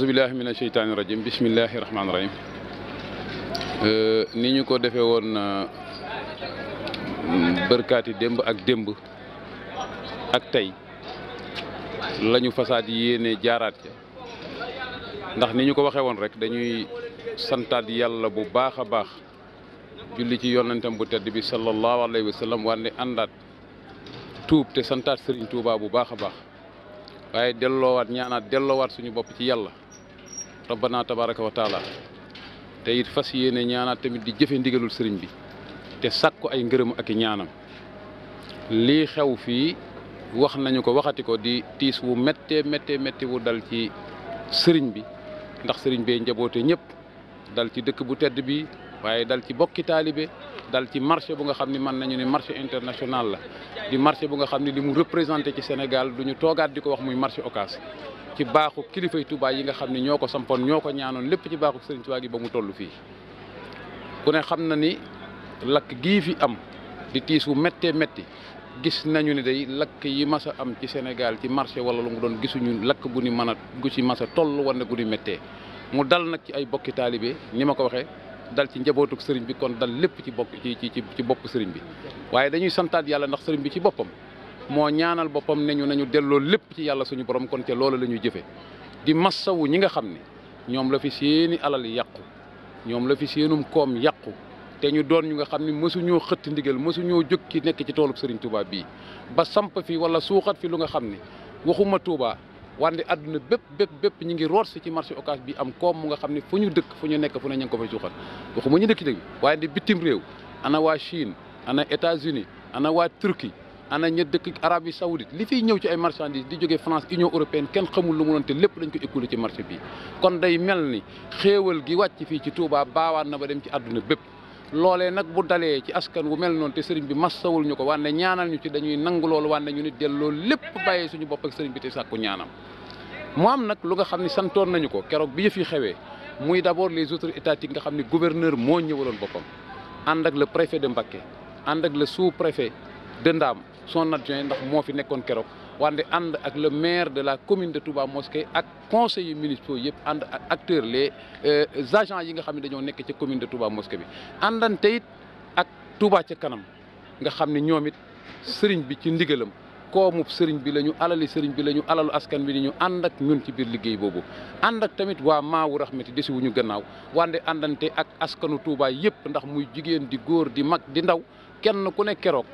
aousubillahi min asheytaani rajim bismillahi rahmaani rahim ni ñu ko defee woon mm, bërkaati démb ak démb ak tey lañu fasaad yéene jaaraat ca ndax ni ñu ko waxee woon rek dañuy santaat yàlla bu baax a baax julli ci yonentam bu tedd bi sallallahu alayhi wa sallam wànne àndaat tuub te santaat sëriñ tuubaa bu baax a baax waaye delloowaat ñaanaat delloowaat suñu bopp ci yàlla rabbana tabaraka wa taala fas yéene ñaanaat tamit di jëfe ndigalul sëriñ bi te sàkku ay ngërëm ak i ñaanam lii xew fii wax nañu ko waxati ko di tiis wu méttee méttee métti wu dal ci sëriñ bi ndax sëriñ bee njaboote ñépp dal ci dëkk bu tedd bi waaye dal ci bokki taalibe dal ci marché bu nga xam ni mën nañu ne marché international la di marché bu nga xam ni li mu représenté ci Sénégal du ñu toogaat di ko wax muy marché Ocass ci baaxu kilifay tubaay yi nga xam ni ñoo ko sampoon ñoo ko ñaanoon lépp ci baaxu Serigne Touba gi ba mu toll fii ku ne xam na ni lakk gii fi am di tiis wu méttee métti gis nañu ne day lakk yi masa am ci Sénégal ci marché wala lu mu doon gisuñu lakk gu ni mën a gu ci mas a toll wala gu ni méttee mu dal nag ci ay bokki taalibe ni ma ko waxee dal ci njabootuk sëriñ bi kon dal lépp ci bokk ci ci ci bopp sëriñ bi waaye dañuy santaat yàlla ndax sëriñ bi ci boppam moo ñaanal boppam ne ñu nañu delloo lépp ci yàlla suñu borom kon te loolu la ñuy jëfe di massawu ñi nga xam ne ñoom la fi seeni alal yàqu ñoom la fi seenum koom yàqu te ñu doon ñu nga xam ne mësuñoo xëtt ndigal mësuñoo jóg ci nekk ci toolu sëriñ Touba bii ba samp fi wala suuxat fi lu nga xam ne waxuma tuubaa wante àdduna bépp bépp bépp ñu ngi root si ci marché occas bi am koom mu nga xam ne fu ñu dëkk fu ñu nekk fu ne ñu ngi ko fay suuxal waxuma ñu dëkk ci dëkk waaye di bitim réew ana waa Chine ana États-Unis ana waa Turquie ana ña dëkk Arabie Saoudite li fiy ñëw ci ay marchandises di jóge France Union Européenne kenn xamul lu mu doon te lépp dañ ko écoulé ci marché bi kon day mel ni xéewal gi wàcc fii ci Touba baawaan na ba dem ci àdduna bépp loolee nag bu dalee ci askan wu mel noonu te sëriñ bi massawul ñu ko wanne ñaanal ñu ci dañuy nangu loolu wanne ñu nit delloo lépp bàyyi suñu bopp ak sëriñ bi te sàkku ñaanam mu am nag lu nga xam ne santoon nañu ko keroog bi yëf yi xewee muy d'abord les autorités étatiques nga xam ne gouverneur moo ñëwaloon boppam ànd ak le préfet de Mbacké ànd ak la sous-préfet de son son adjoint ndax moo fi nekkoon keroog wante ànd ak le maire de la commune de Touba Mosquée ak conseillers municipaux yëpp ànd ak acteurs les euh, agents yi nga xam ne dañoo nekk ci commune de Touba moske bi àndante it ak Touba ci kanam nga xam ni ñoom it sëriñ bi ci ndigalam koomub sëriñ bi lañu ñu alali sëriñ bi la ñu alalu askan bi ni ñu ànd ak ñun ci biir liggéey boobu ànd ak tamit waa maawu raxmati desi wu ñu gannaaw wande àndante ak askanu Touba yëpp ndax muy jigéen di góor di mag di ndaw kenn ku ne keroog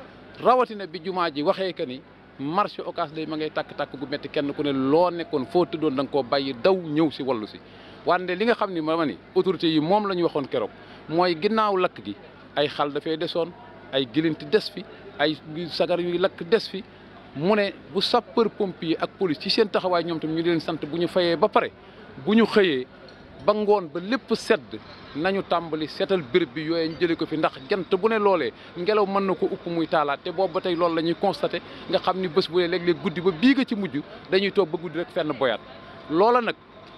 rawatina bi jumaa ji waxee que ni marché occas day ma ngay tàkk-tàkk gu métti kenn ku ne loo nekkoon foo tëddoon da ko koo bàyyi daw ñëw si wallu si wante li nga xam ni ma ni autorité yi moom la ñu waxoon keroog mooy ginnaaw lakk gi ay xal dafay desoon ay gilinti des fi ay sagar yuy lakk des fi mu ne bu sapeur yi ak police ci seen taxawaay ñoom tam ñu leen sant bu ñu fayee ba pare bu ñu xëyee ba ngoon ba lépp sedd nañu tàmbali seetal béréb bi yooyee ñu jëlee ko fi ndax jant bu ne loolee ngelaw mën na ko upp muy taalaat te boobu ba tey loolu la ñuy constaté nga xam ni bés bu ne léeg-léeg guddi ba bii nga ci mujj dañuy toog ba guddi rek fenn boyaat loola nag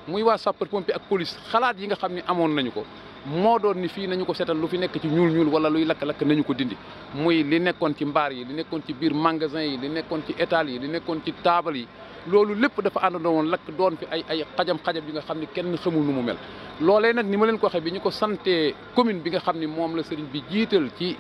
muy waa sapeur pompier ak police xalaat yi nga xam ni amoon nañu ko moo doon ni fii nañu ko seetal lu fi nekk ci ñuul ñuul wala luy lakk-lakk nañu ko dindi muy li nekkoon ci mbaar yi li nekkoon ci biir magasin yi li nekkoon ci étal yi li nekkoon ci taabal yi loolu lépp dafa àndandoo woon lakk doon fi ay ay xajam-xajam nga xam ni kenn xamul nu mu mel loolee nag ni ma leen ko waxee bi ñu ko santee commune bi nga xam ni moom la sëriñ bi jiital ci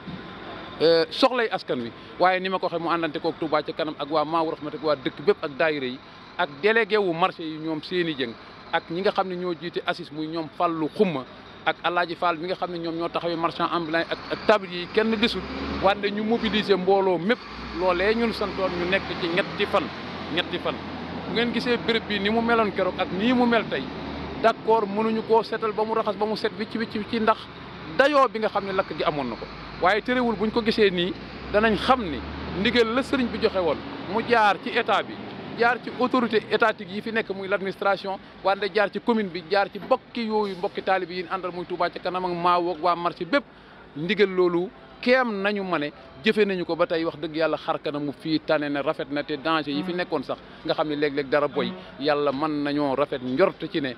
euh, soxlay askan wi waaye ni ma ko waxee mu àndante ko Touba ci kanam ak waa Maawu Rahmat ak waa dëkk bépp ak daayira yi ak délégué wu marché yi ñoom seeni jëng ak ñi nga xam ne ñoo jiite assis muy ñoom fàllu xumma ak Alaaji Fall mi nga xam ne ñoom ñoo taxawee marchand ambulant ak ak tablier yi kenn gisul wante ñu mobiliser mbooloo mépp loole ñun santoon ñu nekk ci ñetti fan ñetti fan bu ngeen gisee béréb bi ni mu meloon keroog ak nii mu mel tey d'accord mënuñu koo seetal ba mu raxas ba mu set bi wicc wicc ci ndax dayoo bi nga xam ne lakk gi amoon na ko waaye terewul ñu ko gisee nii danañ xam ni ndigal la sëriñ bi joxe woon mu jaar ci état bi jaar ci autorité étatique yi fi nekk muy l' administration wante jaar ci commune bi jaar ci mbokki yooyu mbokki taalibi yi ñu àndal muy Touba ca kanam ak Maawo waa marché bépp ndigal loolu keem nañu ma ne jëfe nañu ko ba tey wax dëgg yàlla xar kana mu fii tane na rafet na te danger yi fi nekkoon sax nga xam ne léeg-léeg dara boy yàlla mën nañoo rafet njort ci ne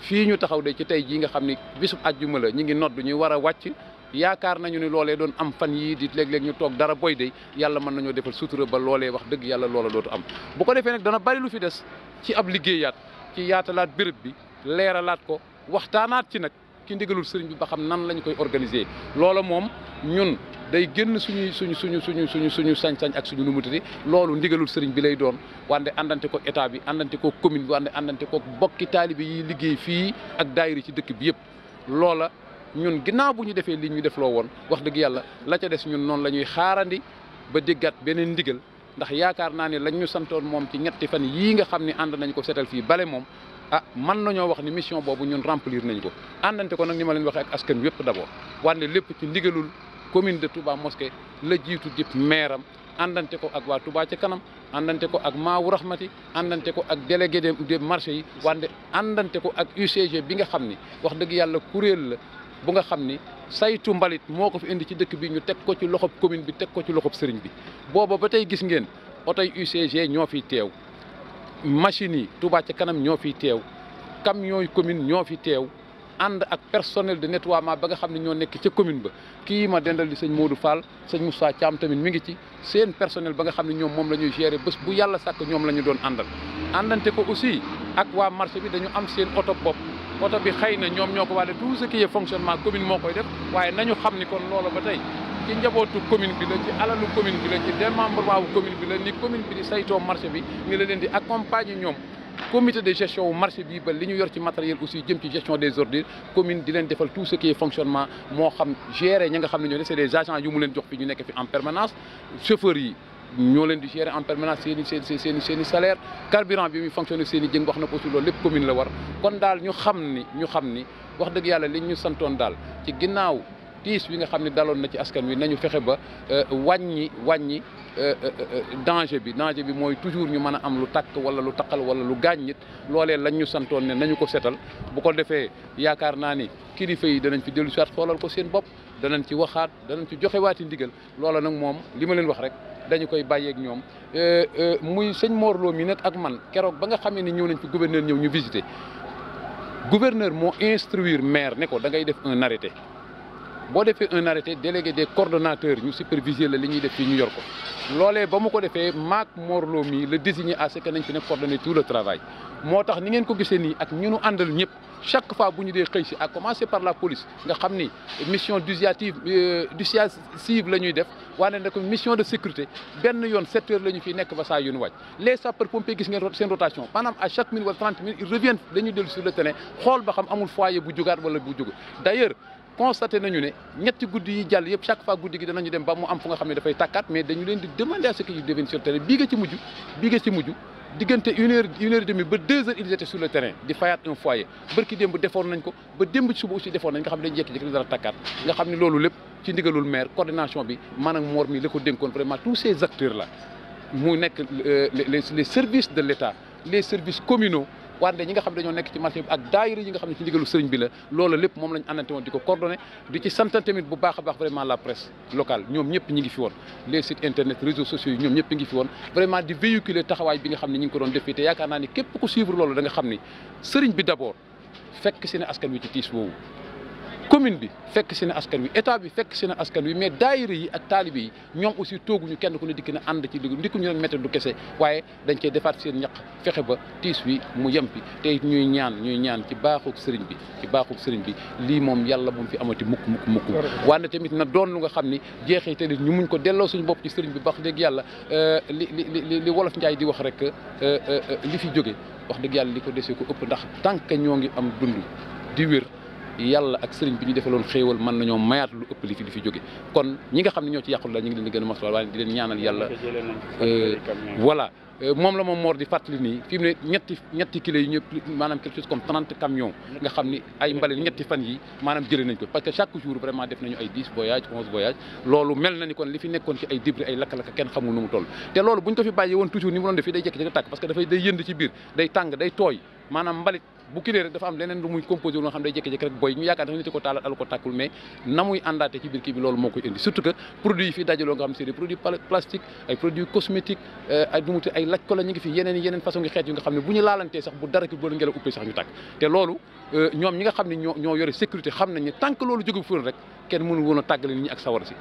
fii ñu taxaw de ci tey jii nga xam ni bisub àjjuma la ñu ngi nodd ñu war a wàcc yaakaar nañu ni loolee doon am fan yii di léeg ñu toog dara boy day yàlla mën nañoo defal sutura ba loolee wax dëgg yàlla loola dootu am bu ko defee nag dana bari lu fi des ci ab liggéeyaat ci yaatalaat béréb bi leeralaat ko waxtaanaat ci nag ki ndigalul sëriñ bi ba xam nan lañ koy organiser loola moom ñun day génn suñuy suñu suñu suñu suñu suñu sañ-sañ ak suñu numutati loolu ndigalul sëriñ bi lay doon wante àndante ko état bi àndante ko commune bi wande àndante ko bokki taalibe yi liggéey fii ak daayiri ci dëkk bi yëpp ñun ginnaaw bu ñu defee li ñu def loo woon wax dëgg yàlla la ca des ñun noonu la ñuy xaarandi ba déggat beneen ndigal ndax yaakaar naa ne lañ ñu santoon moom ci ñetti fan yii nga xam ne ànd nañ ko seetal fii bale moom ah mën nañoo wax ni mission boobu ñun remplir nañ ko àndante ko nag ni ma leen waxee ak askan wépp d'abord wante lépp ci ndigalul commune de Touba Mosquée la jiitu di maire am àndante ko ak waa tubaa ci kanam àndante ko ak Maawu Rahmati àndante ko ak délégué de marché yi wante àndante ko ak UCG bi nga xam ni wax dëgg yàlla kuréel la bu nga xam ni saytu mbalit moo ko fi indi ci dëkk bi ñu teg ko ci loxob commune bi teg ko ci loxob sëriñ bi booba ba tey gis ngeen oto yi UCG ñoo fi teew machines yi Touba ci kanam ñoo fiy teew camions yi commune ñoo fi teew ànd ak personnel de nettoiement ba nga xam ne ñoo nekk ca commune ba kii ma dendal di sëñ Modou Fall sëñ Moussa Thiam tamit mu ngi ci seen personnel ba nga xam ne ñoom moom la ñuy gérer bés bu yàlla sàkk ñoom lañu doon àndal àndante ko aussi ak waa marché bi dañu am seen oto oto bi xëy na ñoom ñoo ko war tout ce qui est fonctionnement commune moo koy def waaye nañu xam ni kon loola ba tey ci njabootu commune bi la ci alalu commune bi la ci démembrement wu commune bi la ni commune bi di saytoo marché bi ni la leen di accompagner ñoom comité de gestion wu marché bi ba li ñu yor ci matériel aussi jëm ci gestion des ordures commune di leen defal tout ce qui fonctionnement moo xam gérer ñi nga xam ne ñoo ne c'est des agents leen jox fi ñu nekk fi en permanence chauffeurs ñoo leen di gérer en permanence seen i seen seen i seen i salaire carburant bi muy fonctionner seen i wax na ko si loolu lépp commune la war kon daal ñu xam ni ñu xam ni wax dëgg yàlla liñ ñu santoon daal ci ginnaaw tiis bi nga xam ne daloon na ci askan wi nañu fexe ba euh, wàññi wàññi euh, euh, danger bi danger bi mooy toujours ñu mën a am lu takk wala lu taqal wala lu gaañ nit loolee lañ ñu santoon ne nañu ko setal bu ko defee yaakaar naa ni kilifa yi danañ fi dellu si waat ko seen bopp danañ ci waxaat danañ ci joxewaati ndigal loola nag moom li ma leen wax rek dañu koy bàyyeeg ñoom euh, euh, muy sëñ Mor Lo mi nag ak man keroog ba nga xamee ni ñëw nañ fi gouverneur ñëw ñu visité gouverneur moo instruire maire ne ko da ngay def un arrêté boo defee un arrêté délégué des coordonnateurs ñu superviser la li ñuy def fii ñu yor ko loolee ba mu ko defee maak Mor Lo mi la désigné à ce nañ fi ne coordonner tout le travail moo tax ni ngeen ko gisee nii ak ñu nu àndal ñëpp chaque fois bu ñu dee xëy si à commencer par la police nga xam ni mission dissuasive euh, dissuasive la ñuy def wane ne ko mission de sécurité benn yoon sept heures la nekk ba saa yu nu wàcc les sapeurs pompiers gis ngeen seen rotation maanaam à chaque minute wala trente minutes ils reviennent dañuy dellu sur le terrain xool ba xam amul foyer bu jugaat wala bu jug d'ailleurs constaté nañu ne ñetti guddi yi jàll yëpp chaque fois guddi gi danañu dem ba mu am fu nga xam ne dafay tàkkaat mais dañu leen di demander à ce que ñu deviennent sur le terrain diggante une heure di fayaat un foyer bërki démb defoon nañ ko ba démb ci loolu lépp ci ndigalul maire coordination bi maanaam moor mi la ko dénkoon vraiment tous ces acteurs là mu nekk euh, les les services de l'État les services communaux wante ñi nga xam ne dañoo nekk ci marché bi ak daayira yi nga xam ne ci ndigalu sëriñ bi la loolu lépp moom lañ àndante woon di ko coordonné di ci sant bu baax a baax vraiment la presse locale ñoom ñëpp ñi ngi fi woon les sites internet réseaux sociaux yi ñoom ñëpp ñi ngi fi woon vraiment di véhiculer taxawaay bi nga xam ne ñi ngi ko doon def fii te yaakaar commune bi fekk seen askan wi état bi fekk si na askan wi mais daayira yi ak taalibe yi ñoom aussi tooguñu kenn ku ne dikk na ànd ci liggéey ndikku ñu leen du kese waaye dañ cee defaat seen ñax fexe ba tiis wi mu yem tey ñuy ñaan ñuy ñaan ci baaxug sëriñ bi ci baaxug bi lii moom yàlla bu mu fi amati mukk mukk mukk waane tamit na doon lu nga xam ni jeexee te ñu muñ ko delloo suñu bopp ci sëriñ bi baax dëgg yàlla euh, li li li wolof njaay di wax rek euh, euh, li fi jóge wax dëgg yàlla li ko desee ko ëpp ndax tant que ñoo ngi am dund di wér yàlla ak sëriñ bi ñu defaloon xéewal mën nañoo mayaat lu ëpp li fi di fi jóge kon ñi nga xam ne ñoo ci yàqul la ñu ngi leen di gën a maswal waaye di leen ñaanal yàlla euh, voilà euh, moom la moom moor di fàttali nii fi ne ñetti kilo yi ñëpp maanaam quelque comme trente camions nga xam ni ay mbalit ñetti fan yi maanaam jëlee nañ ko parce que chaque jour vraiment def nañu ay dix voyages onze voyages loolu mel na ni kon li fi nekkoon ci ay débris ay lakk-lakk kenn fi bàyyi woon toujours ni mu doon def day jekki-jekki tàkk parce que tooy maanaam mbalit bu kilee rek dafa am leneen lu muy composé wu nga xam day jékki-jékki rek boy ñu yaakaar dafa nit ko taalal al ko tàkkul mais na muy àndaate ci biir kii bi loolu moo koy indi surtout que produit yi fii dajaloo nga xam c'est des produits euh, ngi fi yeneen yeneen façon ngi xeet yu nga xam ne bu ñu laalantee sax bu dara ki boolu ngelaw uppee sax ñu tàkk te loolu euh, ñoom ñi nga xam ne ñoo yore sécurité xam nañ ne tant que loolu jóge fu rek kenn mënu woon a tàggale nit ak sawar si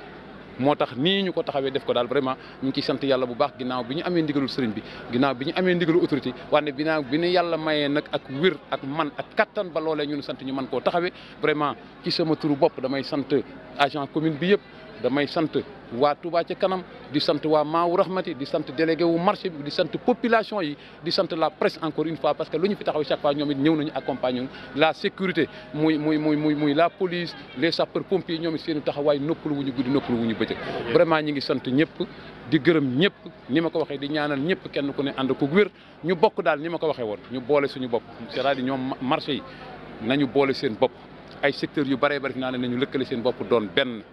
moo tax nii ñu ko taxawee def ko daal vraiment ñu ngi ciy sant yàlla bu baax ginnaaw bi ñu amee ndigalul sëriñ bi ginnaaw bi ñu amee ndigalu autorité waaye ginnaaw bi ñu yàlla mayee nag ak wér ak man ak kattan ba loolee ñun sant ñu man koo taxawee vraiment ci sama turu bopp damay sant agent commune bi yëpp damay sant waa Touba ci kanam di sant waa Maawu Rahmati di sant délégué wu marché bi di sant population yi di sant la presse encore une fois parce que lu ñu fi taxaw chaque fois ñoom it ñëw nañu accompagner la sécurité muy muy muy muy muy la police les sapeurs pompiers ñoom it seen taxawaay noppalu wu ñu guddi noppalu wu ñu bëccëg vraiment ñi ngi sant ñëpp di gërëm ñëpp ni ma ko waxee di ñaanal ñëpp kenn ku ne ànd ko wér ñu bokk daal ni ma ko waxee woon ñu boole suñu bopp cest à ñoom marché yi nañu boole seen bopp ay secteurs yu bëree bëri naa ne nañu lëkkale seen bopp doon benn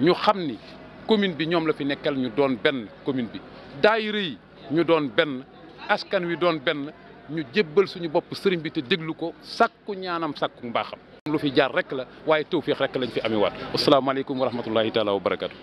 ñu xam ni commune bi ñoom la fi nekkal ñu doon benn commune bi daayira yi ñu doon benn askan wi doon benn ñu jébbal suñu bopp sëriñ bi te déglu ko sàkku ñaanam sàkku mbaaxam lu fi jaar rek la waaye tawfiix rek lañ fi amewaat asalaamaaleykum wa rahmatullahi taala wa barakatu